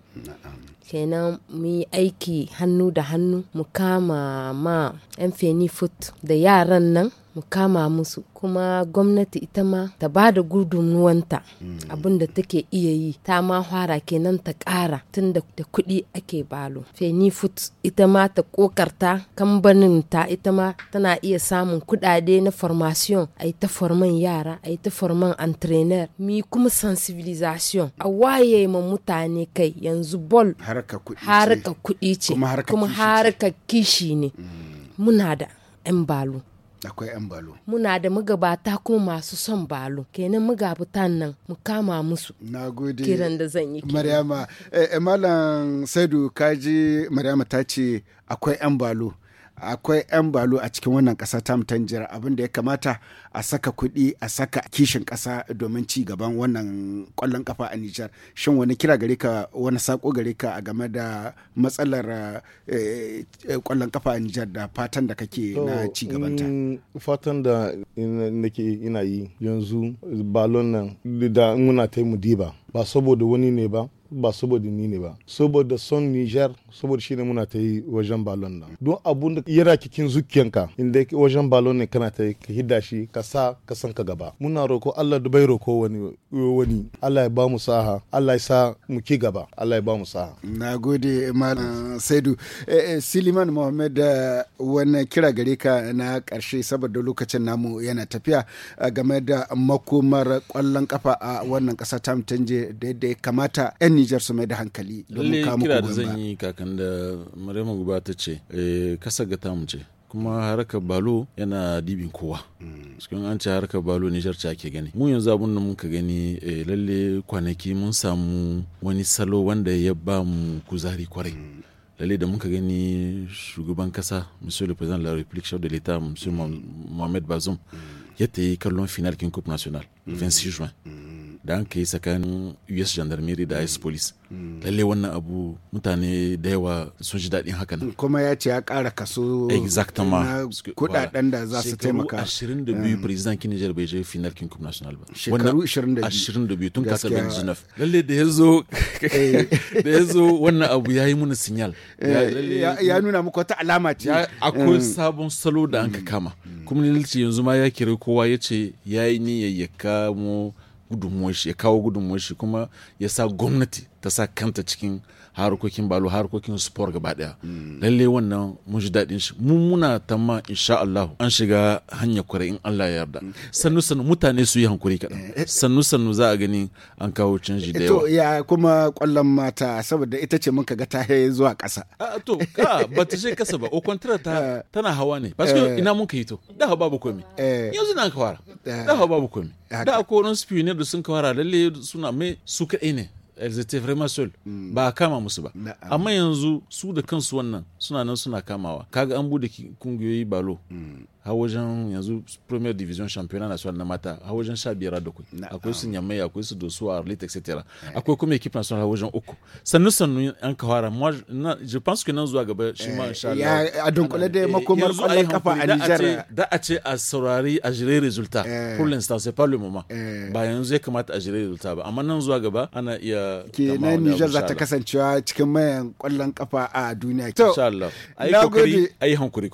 kenan mu yi aiki hannu da hannu mu kama ma yan feni foot da yaran nan mu kama musu kuma gwamnati ita ma ta ba da gudunmuwanta mm. abin da take iya yi ta ma fara kenan ta kara. tun da kuɗi ake balo feni foot ita ma ta kokarta kambanin ta ita ma tana iya samun kuɗaɗe na formation a ta forman yara a ta forman entrainer mi kuma sensibilisation a waye ma mutane kai yanzu bol harka kuɗi ce kuma harka kishi ne mm. muna da 'yan balu akwai 'yan balo muna da magabata kuma masu son balo kenan magabutan nan mu kama musu na gode kiran da zan yi maryama eh, eh, malam saidu kaji maryama ta ce akwai 'yan balo akwai 'yan balo a cikin wannan ƙasa ta mutanjiyar abin da ya kamata a saka kuɗi a saka kishin kasa domin ci gaban wannan ƙwallon kafa a Nijar. Shin wani kira gare ka wani sako gare ka a game da matsalar eh, eh, ƙwallon kafa a Nijar da fatan da kake na ci gabanta? Fatan da nake ina yi yanzu balon nan da muna ta mu diba ba saboda wani ne ba ba saboda ni ne ba saboda son Niger saboda shine muna ta yi wajen balon nan don abun da yana kikin zukiyanka inda wajen balon ne kana ta yi ka hidda shi ka sa ka san ka gaba muna roko Allah da bai roko wani wani Allah ya ba mu saha Allah ya sa mu ki gaba Allah ya ba mu saha gode malam Saidu eh, eh, siliman Muhammad eh, wani kira gare ka na karshe saboda lokacin namu yana tafiya game da makomar kwallon kafa a wannan kasa ta mutanje da yadda ya kamata 'yan Nijar su mai da hankali kira da zan yi kakan da Maryam Guba ce eh, kasa ga tamu ce kuma harkar balo yana dibin kowa mm. cikin an ce harkar balo nijar ce ake gani mu yanzu abun da muka gani eh, lalle kwanaki mun samu wani salo wanda ya ba mu kuzari kwarai mm. lalle da muka gani shugaban kasa monsieur le président de la république chef de l'état monsieur mm. mohamed bazoum ya ta yi kallon final king cup national 26 juin da an kai tsakanin US Gendarmerie da ICE Police. Lalle wannan abu mutane da yawa sun ji daɗin haka nan. Kuma ya ce ya ƙara kaso na kuɗaɗen da za su taimaka. Shekaru 22 mm. President Kinijar bai je final King Cup National ba. Shekaru 22 tun ben jinaf Lalle da ya zo da ya zo wannan abu ya yi muna sinyal. Eh, ya nuna muku wata alama ce. Akwai mm. sabon salo da an ka mm. kama. Kuma yanzu ma ya kira kowa ya ce ya yi niyyar ya mu. gudunmuwar shi ya kawo gudunmuwar shi kuma ya sa gwamnati ta sa kanta cikin harkokin balo harkokin sport gaba daya lalle wannan mun ji daɗin shi mun muna tamma insha Allah an shiga hanya kwarai in Allah ya yarda sannu sannu mutane su yi hankuri kaɗan eh, eh. sannu sannu za a gani an kawo canji da eh, yawa ya kuma kwallon mata saboda ita ce mun kaga ta zuwa ƙasa to ka ba ta je ƙasa ba o kwantara ta tana hawa ne parce ina mun ka yi to da babu komi yanzu na kawara da babu komi da akwai wani spionage da sun kawara lalle suna mai su kaɗai ne elles étaient vraiment seules hmm. ba a kama musu ba amma yanzu su da kansu wannan suna nan suna kamawa kaga an bude kungiyoyi balo hmm. hawajen yanzu division championnat national na mata hawajen sha biyar da kuwa akwai su akwai a arlit etc akwai kuma equipe national hawajen uku sannu moi je pense que nous zuwa gaba insha Allah da a pour l'instant c'est pas le moment eh. ba yanzu ya kamata a jire resultat ba zuwa gaba ana iya za ta kasancewa cikin mayan kwallon hankuri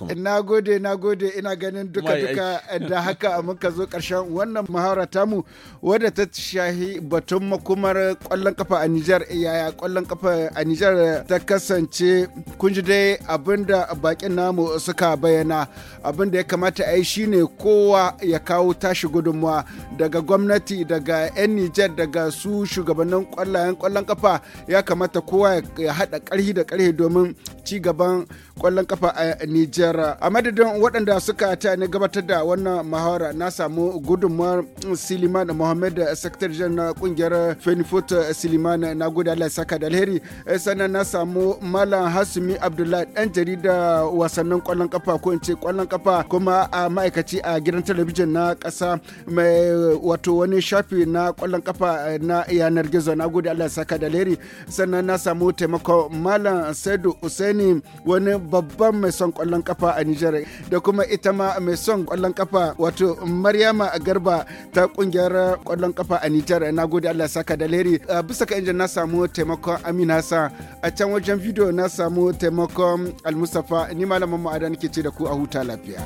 ganin duka-duka da haka muka zo karshen wannan muhawara tamu wadda ta shahi batun makumar kwallon kafa a Nijar eh, yaya kwallon kafa a Nijar ta kasance kunji dai abinda bakin namu suka bayyana abinda ya kamata a yi shine kowa ya kawo tashi gudunmuwa daga gwamnati daga 'yan Nijar daga su shugabannin kwallayen kwallon kafa ya kamata kowa ya haɗa ƙarhi da ƙarhi domin ci gaban kwallon kafa a Nijar a madadin waɗanda suka ta na gabatar da wannan muhawara na samu gudunmuwar Siliman Muhammad sakitar Jan na kungiyar Fenifot Siliman na gudu Allah saka da alheri eh, sannan na samu Malam Hasumi Abdullahi dan jarida wasannin kwallon kafa ko in ce kwallon kafa kuma a ma'aikaci a gidan talabijin na kasa mai wato wani shafi na kwallon kafa eh, na yanar gizo na gudu Allah saka da alheri sannan na samu taimako Malam Saidu Usaini wani babban mai son kwallon kafa a Nijar da kuma ita dama mai son kwallon kafa wato Maryama Garba ta kungiyar kwallon kafa a Nijar na gode Allah saka da leri bisa ka injin na samu taimakon Amina Hassan a can wajen bidiyo na samu taimakon Al ni malamin mu adan ke ce da ku a huta lafiya.